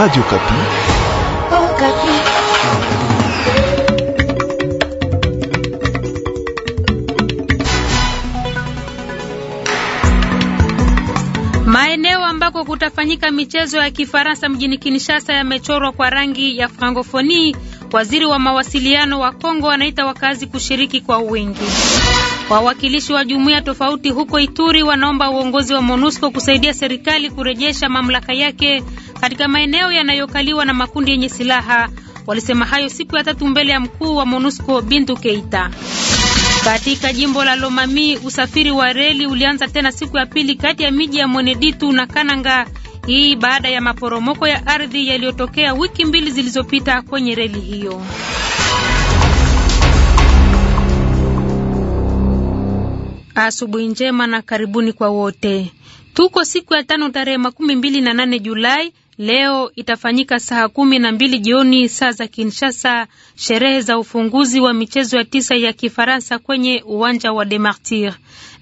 Radio Kapi. Oh, Kapi. Maeneo ambako kutafanyika michezo ya Kifaransa mjini Kinshasa yamechorwa kwa rangi ya frankofoni Waziri wa mawasiliano wa Kongo anaita wakazi kushiriki kwa wingi. Wawakilishi wa jumuiya tofauti huko Ituri wanaomba uongozi wa MONUSCO kusaidia serikali kurejesha mamlaka yake katika maeneo yanayokaliwa na makundi yenye silaha. Walisema hayo siku ya tatu mbele ya mkuu wa MONUSCO Bintu Keita. Katika jimbo la Lomami, usafiri wa reli ulianza tena siku ya pili kati ya miji ya Mweneditu na Kananga, hii baada ya maporomoko ya ardhi yaliyotokea wiki mbili zilizopita kwenye reli hiyo. Asubuhi njema na karibuni kwa wote. Tuko siku ya tano tarehe makumi mbili na nane Julai Leo itafanyika saa kumi na mbili jioni saa za Kinshasa, sherehe za ufunguzi wa michezo ya tisa ya Kifaransa kwenye uwanja wa De Martir.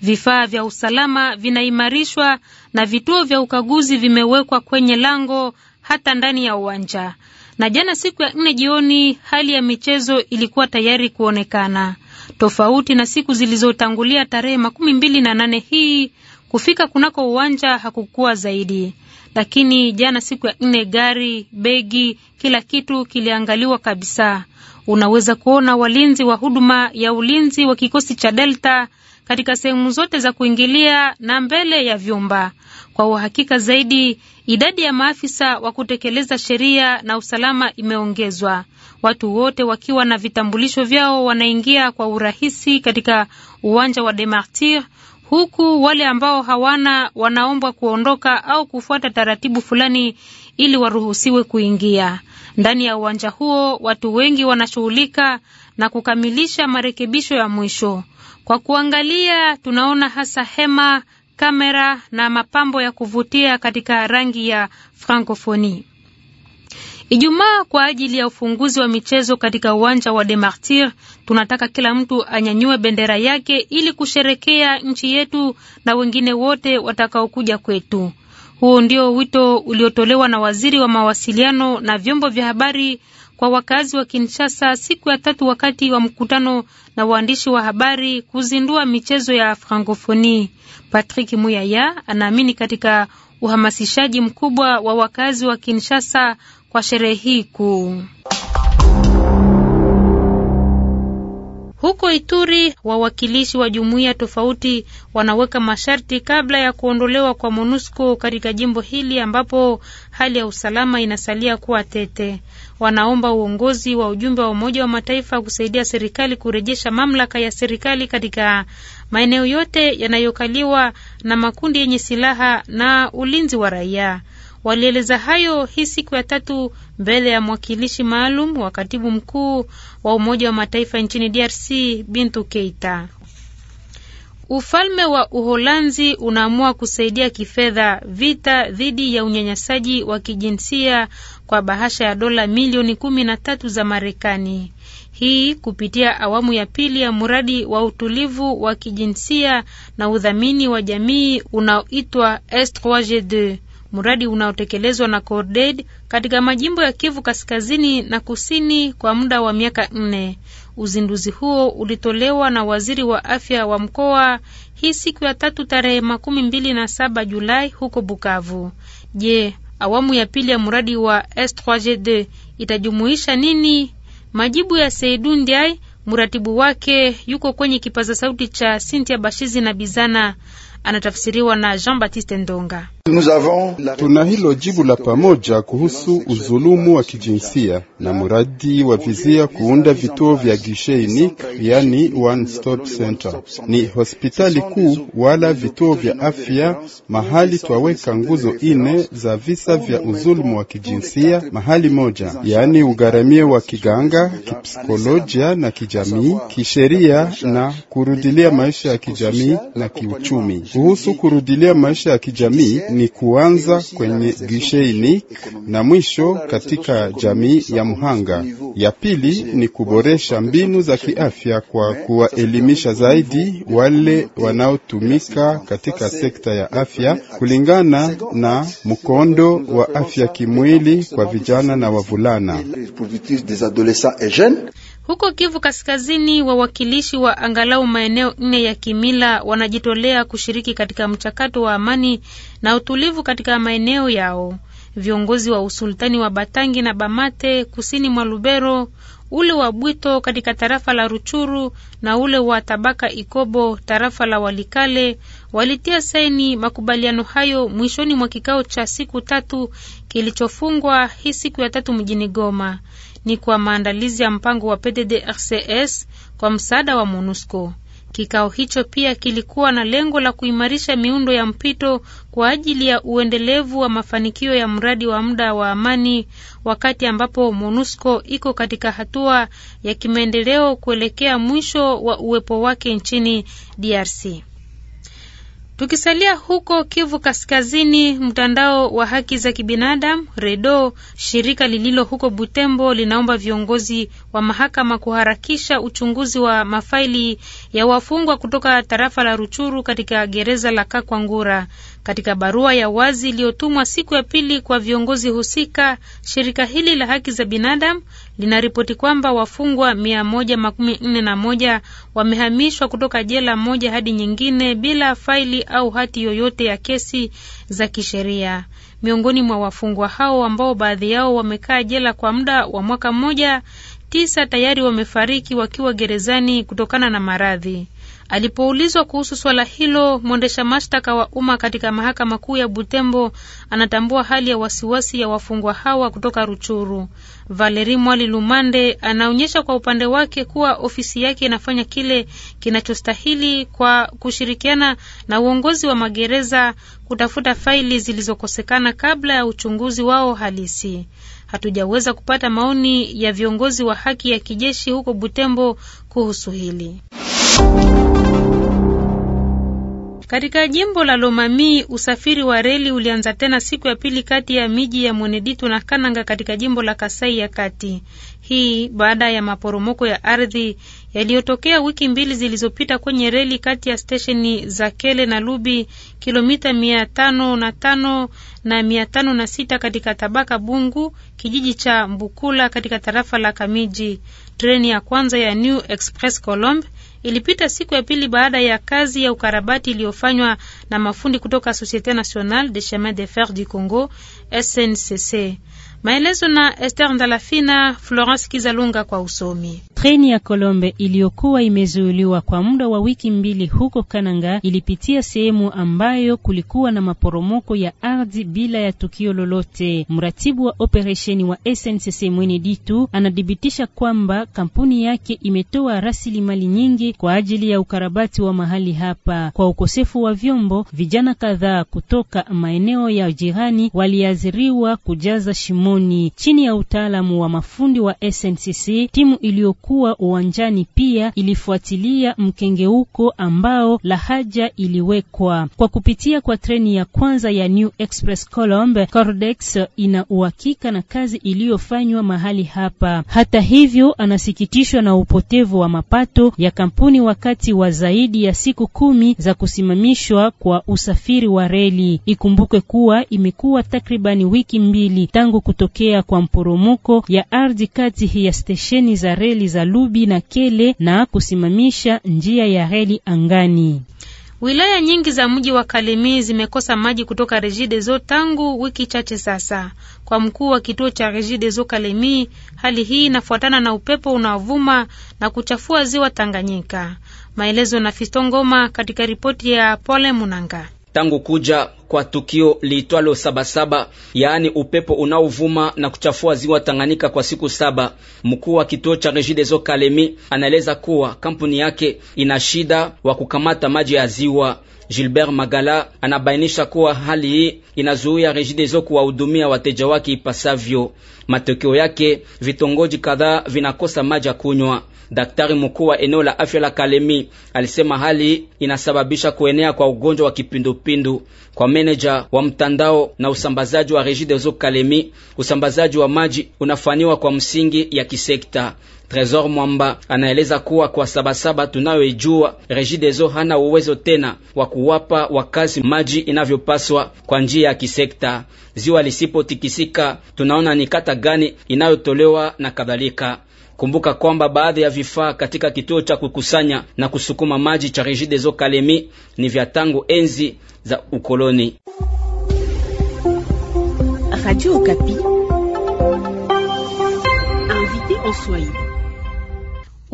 Vifaa vya usalama vinaimarishwa na vituo vya ukaguzi vimewekwa kwenye lango hata ndani ya uwanja. Na jana siku ya nne jioni, hali ya michezo ilikuwa tayari kuonekana, tofauti na siku zilizotangulia tarehe makumi mbili na nane hii. Kufika kunako uwanja hakukuwa zaidi lakini jana siku ya nne, gari, begi, kila kitu kiliangaliwa kabisa. Unaweza kuona walinzi wa huduma ya ulinzi wa kikosi cha Delta katika sehemu zote za kuingilia na mbele ya vyumba. Kwa uhakika zaidi, idadi ya maafisa wa kutekeleza sheria na usalama imeongezwa. Watu wote wakiwa na vitambulisho vyao wanaingia kwa urahisi katika uwanja wa Demartir huku wale ambao hawana wanaombwa kuondoka au kufuata taratibu fulani ili waruhusiwe kuingia ndani ya uwanja huo. Watu wengi wanashughulika na kukamilisha marekebisho ya mwisho. Kwa kuangalia, tunaona hasa hema, kamera na mapambo ya kuvutia katika rangi ya Frankofoni. Ijumaa kwa ajili ya ufunguzi wa michezo katika uwanja wa Demartir, tunataka kila mtu anyanyue bendera yake ili kusherekea nchi yetu na wengine wote watakaokuja kwetu. Huo ndio wito uliotolewa na waziri wa mawasiliano na vyombo vya habari kwa wakazi wa Kinshasa siku ya tatu wakati wa mkutano na waandishi wa habari kuzindua michezo ya Frankofoni. Patrick Muyaya anaamini katika uhamasishaji mkubwa wa wakazi wa Kinshasa kwa sherehe hii kuu. Huko Ituri, wawakilishi wa jumuiya tofauti wanaweka masharti kabla ya kuondolewa kwa MONUSCO katika jimbo hili ambapo hali ya usalama inasalia kuwa tete. Wanaomba uongozi wa ujumbe wa Umoja wa Mataifa kusaidia serikali kurejesha mamlaka ya serikali katika maeneo yote yanayokaliwa na makundi yenye silaha na ulinzi wa raia. Walieleza hayo hii siku ya tatu mbele ya mwakilishi maalum wa katibu mkuu wa Umoja wa Mataifa nchini DRC Bintu Keita. Ufalme wa Uholanzi unaamua kusaidia kifedha vita dhidi ya unyanyasaji wa kijinsia kwa bahasha ya dola milioni kumi na tatu za Marekani, hii kupitia awamu ya pili ya mradi wa utulivu wa kijinsia na udhamini wa jamii unaoitwa S3G2 mradi unaotekelezwa na CORDED katika majimbo ya Kivu Kaskazini na Kusini kwa muda wa miaka nne. Uzinduzi huo ulitolewa na waziri wa afya wa mkoa hii siku ya tatu tarehe makumi mbili na saba Julai huko Bukavu. Je, awamu ya pili ya mradi wa S3G2 itajumuisha nini? Majibu ya Seidu Ndiai, mratibu wake, yuko kwenye kipaza sauti cha Sintia Bashizi na Bizana, anatafsiriwa na Jean Baptiste Ndonga. Tuna hilo jibu la pamoja kuhusu uzulumu wa kijinsia na muradi wa vizia kuunda vituo vya gishe unique, yani one stop center. Ni hospitali kuu wala vituo vya afya mahali twaweka nguzo ine za visa vya uzulumu wa kijinsia mahali moja, yani ugharamie wa kiganga, kipsikolojia na kijamii, kisheria na kurudilia maisha ya kijamii na kiuchumi. Kuhusu kurudilia maisha ya kijamii ni kuanza kwenye gisheini na mwisho katika jamii ya Muhanga. Ya pili ni kuboresha mbinu za kiafya kwa kuwaelimisha zaidi wale wanaotumika katika sekta ya afya kulingana na mkondo wa afya kimwili kwa vijana na wavulana. Huko Kivu Kaskazini, wawakilishi wa angalau maeneo nne ya kimila wanajitolea kushiriki katika mchakato wa amani na utulivu katika maeneo yao. Viongozi wa usultani wa Batangi na Bamate kusini mwa Lubero, ule wa Bwito katika tarafa la Ruchuru na ule wa Tabaka Ikobo tarafa la Walikale walitia saini makubaliano hayo mwishoni mwa kikao cha siku tatu kilichofungwa hii siku ya tatu mjini Goma ni kwa maandalizi ya mpango wa PDDRCS kwa msaada wa MONUSCO. Kikao hicho pia kilikuwa na lengo la kuimarisha miundo ya mpito kwa ajili ya uendelevu wa mafanikio ya mradi wa muda wa amani wakati ambapo MONUSCO iko katika hatua ya kimaendeleo kuelekea mwisho wa uwepo wake nchini DRC. Tukisalia huko Kivu Kaskazini, mtandao wa haki za kibinadamu REDO, shirika lililo huko Butembo, linaomba viongozi wa mahakama kuharakisha uchunguzi wa mafaili ya wafungwa kutoka tarafa la Ruchuru katika gereza la Kakwangura. Katika barua ya wazi iliyotumwa siku ya pili kwa viongozi husika, shirika hili la haki za binadamu linaripoti kwamba wafungwa mia wamehamishwa kutoka jela moja hadi nyingine bila faili au hati yoyote ya kesi za kisheria. Miongoni mwa wafungwa hao ambao baadhi yao wamekaa jela kwa muda wa mwaka mmoja, tisa tayari wamefariki wakiwa gerezani kutokana na maradhi. Alipoulizwa kuhusu swala hilo, mwendesha mashtaka wa umma katika mahakama kuu ya Butembo anatambua hali ya wasiwasi ya wafungwa hawa kutoka Ruchuru. Valeri Mwali Lumande anaonyesha kwa upande wake kuwa ofisi yake inafanya kile kinachostahili kwa kushirikiana na uongozi wa magereza kutafuta faili zilizokosekana kabla ya uchunguzi wao halisi. Hatujaweza kupata maoni ya viongozi wa haki ya kijeshi huko Butembo kuhusu hili. Katika jimbo la Lomami, usafiri wa reli ulianza tena siku ya pili kati ya miji ya Mweneditu na Kananga katika jimbo la Kasai ya Kati. Hii baada ya maporomoko ya ardhi yaliyotokea wiki mbili zilizopita kwenye reli kati ya stesheni za Kele na Lubi, kilomita mia tano na tano na mia tano na sita katika tabaka Bungu, kijiji cha Mbukula katika tarafa la Kamiji. Treni ya kwanza ya New Express Colombe Ilipita siku ya pili baada ya kazi ya ukarabati iliyofanywa na mafundi kutoka Societe Nationale de Chemin de Fer du Congo SNCC. Maelezo na Esther Ndalafina, Florence Kizalunga kwa usomi. Treni ya Kolombe iliyokuwa imezuiliwa kwa muda wa wiki mbili huko Kananga ilipitia sehemu ambayo kulikuwa na maporomoko ya ardhi bila ya tukio lolote. Mratibu wa operesheni wa SNCC Mwene Ditu anadhibitisha kwamba kampuni yake imetoa rasilimali nyingi kwa ajili ya ukarabati wa mahali hapa. Kwa ukosefu wa vyombo, vijana kadhaa kutoka maeneo ya jirani waliathiriwa kujaza shimo Mlimoni. Chini ya utaalamu wa mafundi wa SNCC, timu iliyokuwa uwanjani pia ilifuatilia mkengeuko ambao lahaja iliwekwa kwa kupitia kwa treni ya kwanza ya New Express Colombe. Cordex ina uhakika na kazi iliyofanywa mahali hapa. Hata hivyo, anasikitishwa na upotevu wa mapato ya kampuni wakati wa zaidi ya siku kumi za kusimamishwa kwa usafiri wa reli. Ikumbukwe kuwa imekuwa takribani wiki mbili tangu kuto kutokea kwa mporomoko ya ardhi kati ya stesheni za reli za Lubi na Kele na kusimamisha njia ya reli angani. Wilaya nyingi za mji wa Kalemi zimekosa maji kutoka Regideso tangu wiki chache sasa. Kwa mkuu wa kituo cha Regideso Kalemi, hali hii inafuatana na upepo unaovuma na kuchafua ziwa Tanganyika. Maelezo na Fistongoma katika ripoti ya Pole Munanga tangu kuja kwa tukio liitwalo Sabasaba, yaani upepo unaovuma na kuchafua ziwa Tanganyika kwa siku saba. Mkuu wa kituo cha Regideso Kalemi anaeleza kuwa kampuni yake ina shida wa kukamata maji ya ziwa. Gilbert Magala anabainisha kuwa hali hii inazuia Regideso kuwahudumia wateja wake ipasavyo. Matokeo yake vitongoji kadhaa vinakosa maji ya kunywa. Daktari mkuu wa eneo la afya la Kalemi alisema hali inasababisha kuenea kwa ugonjwa wa kipindupindu. Kwa meneja wa mtandao na usambazaji wa Regideso Kalemi, usambazaji wa maji unafanywa kwa msingi ya kisekta. Tresor Mwamba anaeleza kuwa kwa Sabasaba tunayoijua, Regideso hana uwezo tena wa kuwapa wakazi maji inavyopaswa kwa njia ya kisekta. Ziwa lisipotikisika, tunaona ni kata gani inayotolewa na kadhalika. Kumbuka kwamba baadhi ya vifaa katika kituo cha kukusanya na kusukuma maji cha Regideso Kalemi ni vya tangu enzi za ukoloni. Radio Okapi. Invité en Swahili.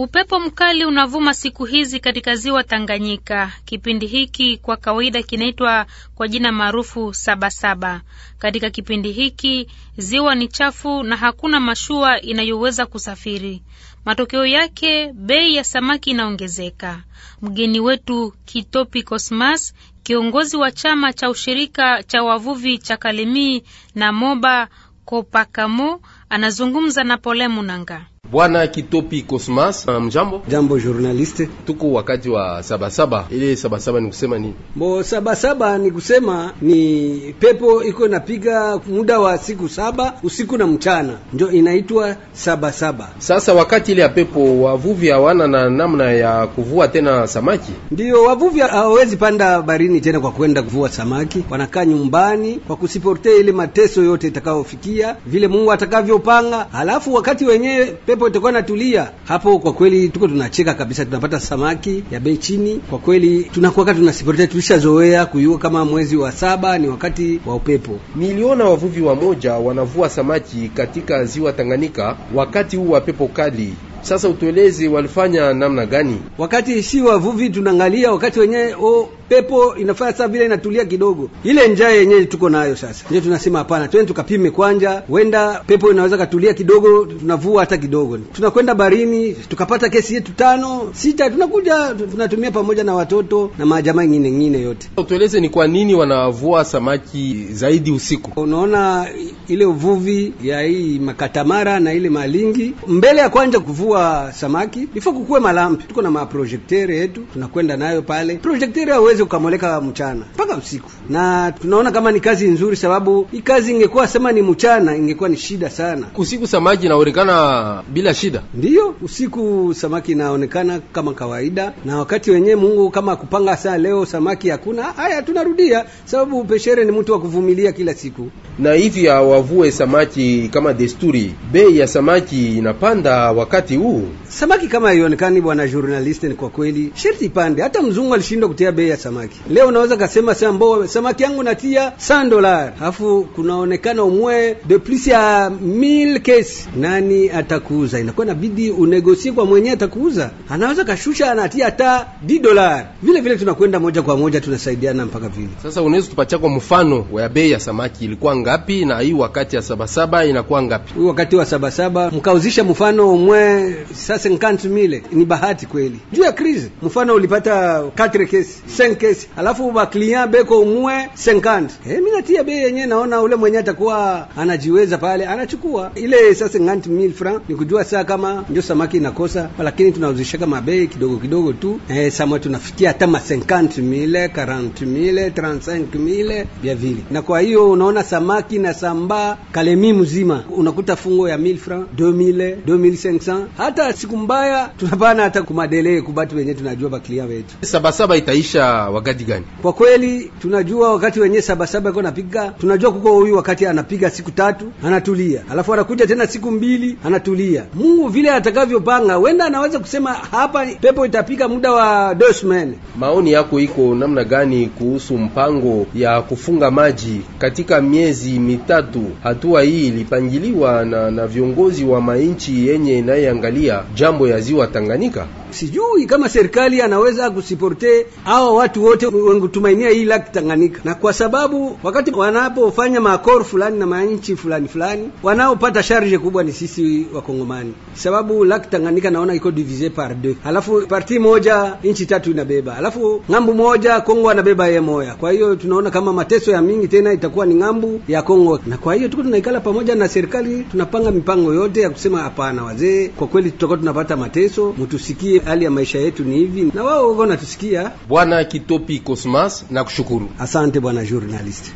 Upepo mkali unavuma siku hizi katika ziwa Tanganyika. Kipindi hiki kwa kawaida kinaitwa kwa jina maarufu sabasaba. Katika kipindi hiki ziwa ni chafu na hakuna mashua inayoweza kusafiri. Matokeo yake bei ya samaki inaongezeka. Mgeni wetu Kitopi Cosmas, kiongozi wa chama cha ushirika cha wavuvi cha Kalemie na Moba Kopakamo, anazungumza na Pole Munanga. Bwana Kitopi Cosmas, uh, mjambo. Jambo journaliste. Tuko wakati wa sabasaba. Ile sabasaba ni kusema nini? Bo sabasaba ni kusema ni pepo iko inapiga muda wa siku saba usiku na mchana, ndio inaitwa sabasaba. Sasa wakati ile ya pepo, wavuvi hawana na namna ya kuvua tena samaki. Ndiyo, wavuvi hawawezi panda barini tena kwa kwenda kuvua samaki, wanakaa nyumbani kwa kusiporte ile mateso yote itakayofikia vile Mungu atakavyopanga. Halafu wakati wenyewe upepo itakuwa natulia hapo. Kwa kweli tuko tunacheka kabisa, tunapata samaki ya bei chini. Kwa kweli tunakuwa tunasiporita, tulishazoea kuyua kama mwezi wa saba ni wakati wa upepo. Niliona wavuvi wamoja wanavua samaki katika ziwa Tanganyika wakati huu wa pepo kali. Sasa utueleze walifanya namna gani? Wakati si wavuvi tunaangalia, wakati wenyewe oh, pepo inafanya saa vile inatulia kidogo. Ile njaa yenyewe tuko nayo sasa, ndio tunasema hapana, twende tukapime kwanja, wenda pepo inaweza katulia kidogo, tunavua hata kidogo. Tunakwenda barini, tukapata kesi yetu tano sita, tunakuja tunatumia pamoja na watoto na majamaa nyingine nyingine yote. Tueleze ni kwa nini wanavua samaki zaidi usiku? Unaona ile uvuvi ya hii makatamara na ile malingi, mbele ya kwanja kuvua samaki ifo kukuwe malampi, tuko na maprojektere yetu tunakwenda nayo pale, projektere hawezi uweze ukamoleka mchana mpaka usiku, na tunaona kama ni kazi nzuri, sababu hii kazi ingekuwa sema ni mchana ingekuwa ni shida sana. Usiku samaki inaonekana bila shida, ndiyo usiku samaki inaonekana kama kawaida, na wakati wenyewe Mungu kama kupanga saa leo samaki hakuna, haya tunarudia, sababu peshere ni mtu wa kuvumilia kila siku, na hivi hawavue samaki kama desturi. Bei ya samaki inapanda wakati huu, samaki kama haionekani, bwana journalist, ni kwa kweli sherti ipande. Hata mzungu alishindwa kutia bei ya samaki samaki. Leo unaweza kasema sambo samaki yangu natia 100 dollars, alafu kunaonekana umwe de plus ya 1000 case, nani atakuuza? Inakuwa inabidi unegosie kwa mwenyewe atakuuza, anaweza kashusha, anatia hata 10 dollars. Vile vile tunakwenda moja kwa moja, tunasaidiana mpaka vile. Sasa unaweza tupatia kwa mfano wa bei ya samaki ilikuwa ngapi, na hii wakati ya sabasaba inakuwa ngapi? Hii wakati wa sabasaba mkauzisha mfano umwe sasa 50000 ni bahati kweli juu ya crisis, mfano ulipata 4 kesi 5 kesi, alafu baklient beko umwe 50 eh, mimi natia bei yenye naona ule mwenye atakuwa anajiweza pale anachukua ile sasa 50000 francs. Nikujua saa kama ndio samaki inakosa, lakini tunauzisha kama bei kidogo kidogo tu eh, samwa tunafikia hata ma 50000 40000 35000 vya vile. Na kwa hiyo unaona samaki na samba kalemi mzima unakuta fungo ya 1000 francs 2000 2500 hata siku mbaya tunapana hata kumadelee kubatu wenye tunajua baklient wetu sabasaba itaisha wakati gani? Kwa kweli tunajua wakati wenye Sabasaba iko napiga, tunajua kuko huyu wakati anapiga siku tatu anatulia, alafu anakuja tena siku mbili anatulia. Mungu vile atakavyopanga, wenda anaweza kusema hapa pepo itapiga muda wa deux semaines. Maoni yako iko namna gani kuhusu mpango ya kufunga maji katika miezi mitatu? Hatua hii ilipangiliwa na, na viongozi wa mainchi yenye inayeangalia jambo ya ziwa Tanganyika. Sijui kama serikali anaweza kusiporte hawa watu wote wengutumainia hii laki Tanganyika, na kwa sababu wakati wanapofanya makoro fulani na manchi fulani fulani, wanaopata sharje kubwa ni sisi Wakongomani, sababu laki Tanganyika naona iko divise par deux, alafu parti moja inchi tatu inabeba, alafu ng'ambu moja Kongo anabeba ye moya. Kwa hiyo tunaona kama mateso ya mingi tena itakuwa ni ng'ambu ya Kongo, na kwa hiyo tuko tunaikala pamoja na serikali, tunapanga mipango yote ya kusema hapana, wazee, kwa kweli tutakuwa tunapata mateso, mtusikie lakini hali ya maisha yetu ni hivi, na wao wako natusikia. Bwana Kitopi Cosmas, na kushukuru asante bwana journalist.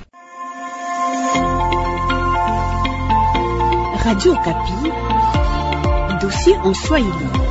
Radio Kapi, dossier en Swahili.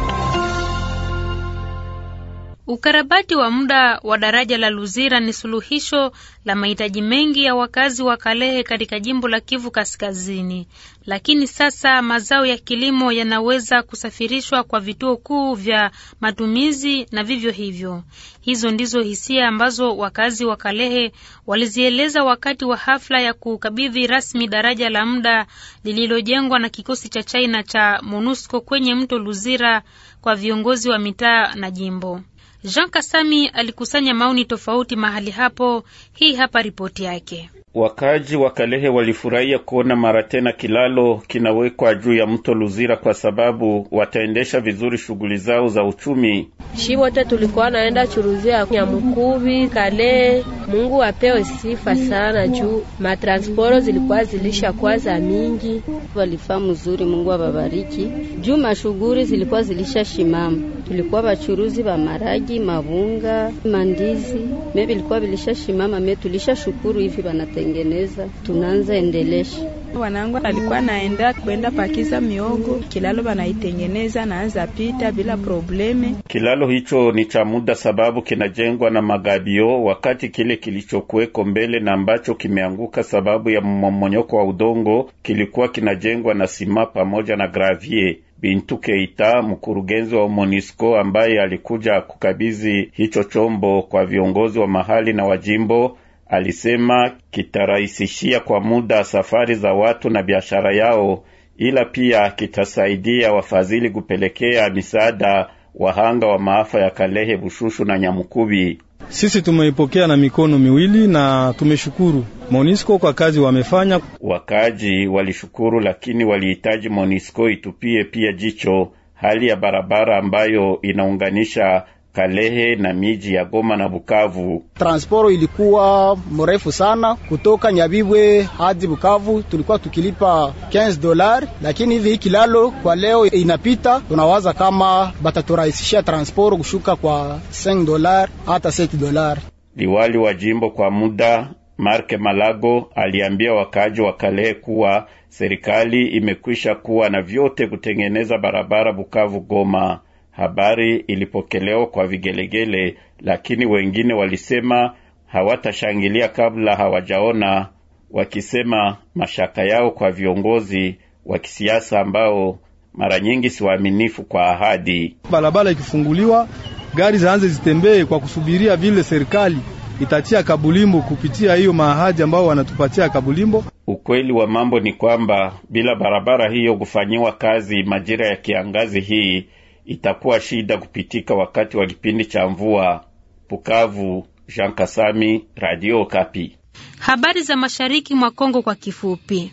Ukarabati wa muda wa daraja la Luzira ni suluhisho la mahitaji mengi ya wakazi wa Kalehe katika jimbo la Kivu Kaskazini. Lakini sasa mazao ya kilimo yanaweza kusafirishwa kwa vituo kuu vya matumizi na vivyo hivyo. Hizo ndizo hisia ambazo wakazi wa Kalehe walizieleza wakati wa hafla ya kukabidhi rasmi daraja la muda lililojengwa na kikosi cha China cha MONUSCO kwenye mto Luzira kwa viongozi wa mitaa na jimbo. Jean Kasami alikusanya maoni tofauti mahali hapo. Hii hapa ripoti yake. Wakaaji wa Kalehe walifurahia kuona mara tena kilalo kinawekwa juu ya mto Luzira kwa sababu wataendesha vizuri shughuli zao za uchumi. Shi wote tulikuwa naenda churuzia ya mkubi Kalehe. Mungu apewe sifa sana juu matransporo zilikuwa zilishakuwa za mingi, walifaa mzuri. Mungu ababariki juu mashughuli zilikuwa shimama tulikuwa bachuruzi ba maragi, mabunga mandizi me vilikuwa vilishashimama, me tulishashukuru hivi banatengeneza, tunaanza endelesha wanangu alikuwa naenda kwenda pakiza miogo kilalo banaitengeneza naanza pita bila probleme. Kilalo hicho ni cha muda sababu kinajengwa na magabio, wakati kile kilichokuweko mbele na ambacho kimeanguka sababu ya mmomonyoko wa udongo kilikuwa kinajengwa na sima pamoja na gravier. Bintu Keita, mkurugenzi wa MONUSCO ambaye alikuja kukabidhi hicho chombo kwa viongozi wa mahali na wajimbo, alisema kitarahisishia kwa muda safari za watu na biashara yao, ila pia kitasaidia wafadhili kupelekea misaada wahanga wa maafa ya Kalehe, Bushushu na Nyamukubi. Sisi tumeipokea na mikono miwili na tumeshukuru Monisco kwa kazi wamefanya. Wakaji walishukuru, lakini walihitaji Monisco itupie pia jicho hali ya barabara ambayo inaunganisha Kalehe na miji ya Goma na Bukavu. Transporo ilikuwa mrefu sana kutoka Nyabibwe hadi Bukavu, tulikuwa tukilipa 15 dolar, lakini hivi kilalo kwa leo inapita, tunawaza kama bataturahisishia transporo kushuka kwa 5 dolar hata 7 dolar. Liwali wa jimbo kwa muda Marke Malago aliambia wakaji wa Kalehe kuwa serikali imekwisha kuwa na vyote kutengeneza barabara Bukavu Goma. Habari ilipokelewa kwa vigelegele, lakini wengine walisema hawatashangilia kabla hawajaona, wakisema mashaka yao kwa viongozi wa kisiasa ambao mara nyingi si waaminifu kwa ahadi. Barabara ikifunguliwa, gari zaanze zitembee kwa kusubiria vile serikali itatia kabulimbo kupitia hiyo maahadi ambao wanatupatia kabulimbo. Ukweli wa mambo ni kwamba bila barabara hiyo kufanyiwa kazi majira ya kiangazi hii itakuwa shida kupitika wakati wa kipindi cha mvua. Bukavu, Jean Kasami, Radio Kapi. Habari za mashariki mwa Kongo kwa kifupi.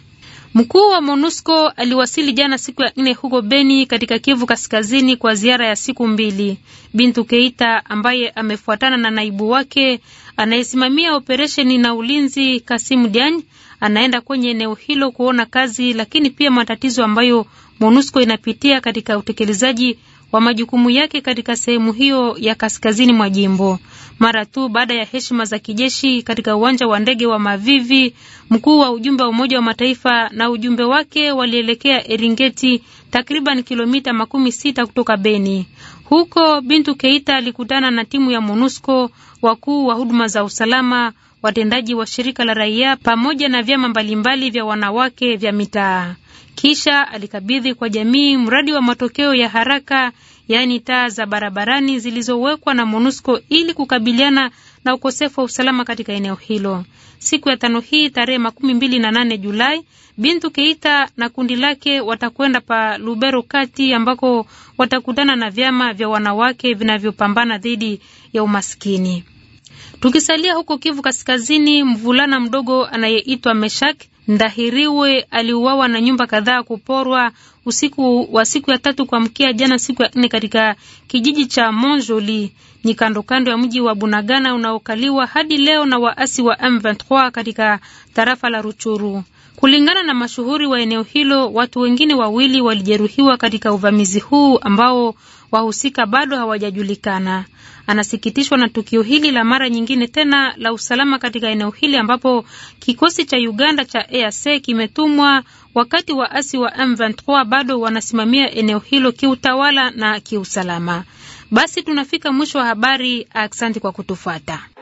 Mkuu wa MONUSCO aliwasili jana siku ya nne huko Beni katika Kivu Kaskazini kwa ziara ya siku mbili. Bintu Keita ambaye amefuatana na naibu wake anayesimamia operesheni na ulinzi Kasimu Dian anaenda kwenye eneo hilo kuona kazi, lakini pia matatizo ambayo MONUSCO inapitia katika utekelezaji wa majukumu yake katika sehemu hiyo ya kaskazini mwa jimbo. Mara tu baada ya heshima za kijeshi katika uwanja wa ndege wa Mavivi, mkuu wa ujumbe wa Umoja wa Mataifa na ujumbe wake walielekea Eringeti, takriban kilomita makumi sita kutoka Beni. Huko Bintu Keita alikutana na timu ya MONUSCO, wakuu wa huduma za usalama, watendaji wa shirika la raia pamoja na vyama mbalimbali vya wanawake vya mitaa. Kisha alikabidhi kwa jamii mradi wa matokeo ya haraka, yaani taa za barabarani zilizowekwa na MONUSCO ili kukabiliana na ukosefu wa usalama katika eneo hilo. Siku ya tano hii tarehe makumi mbili na nane Julai, Bintu Keita na kundi lake watakwenda pa Lubero kati ambako watakutana na vyama vya wanawake vinavyopambana dhidi ya umaskini. Tukisalia huko Kivu Kaskazini, mvulana mdogo anayeitwa Meshak Ndahiriwe aliuawa na nyumba kadhaa kuporwa usiku wa siku ya tatu kuamkia jana siku ya nne katika kijiji cha Monjoli ni kando kando ya mji wa Bunagana unaokaliwa hadi leo na waasi wa M23 katika tarafa la Ruchuru. Kulingana na mashuhuri wa eneo hilo, watu wengine wawili walijeruhiwa katika uvamizi huu ambao wahusika bado hawajajulikana. Anasikitishwa na tukio hili la mara nyingine tena la usalama katika eneo hili ambapo kikosi cha Uganda cha EAC kimetumwa wakati waasi wa M23 bado wanasimamia eneo hilo kiutawala na kiusalama. Basi tunafika mwisho wa habari. Asante kwa kutufuata.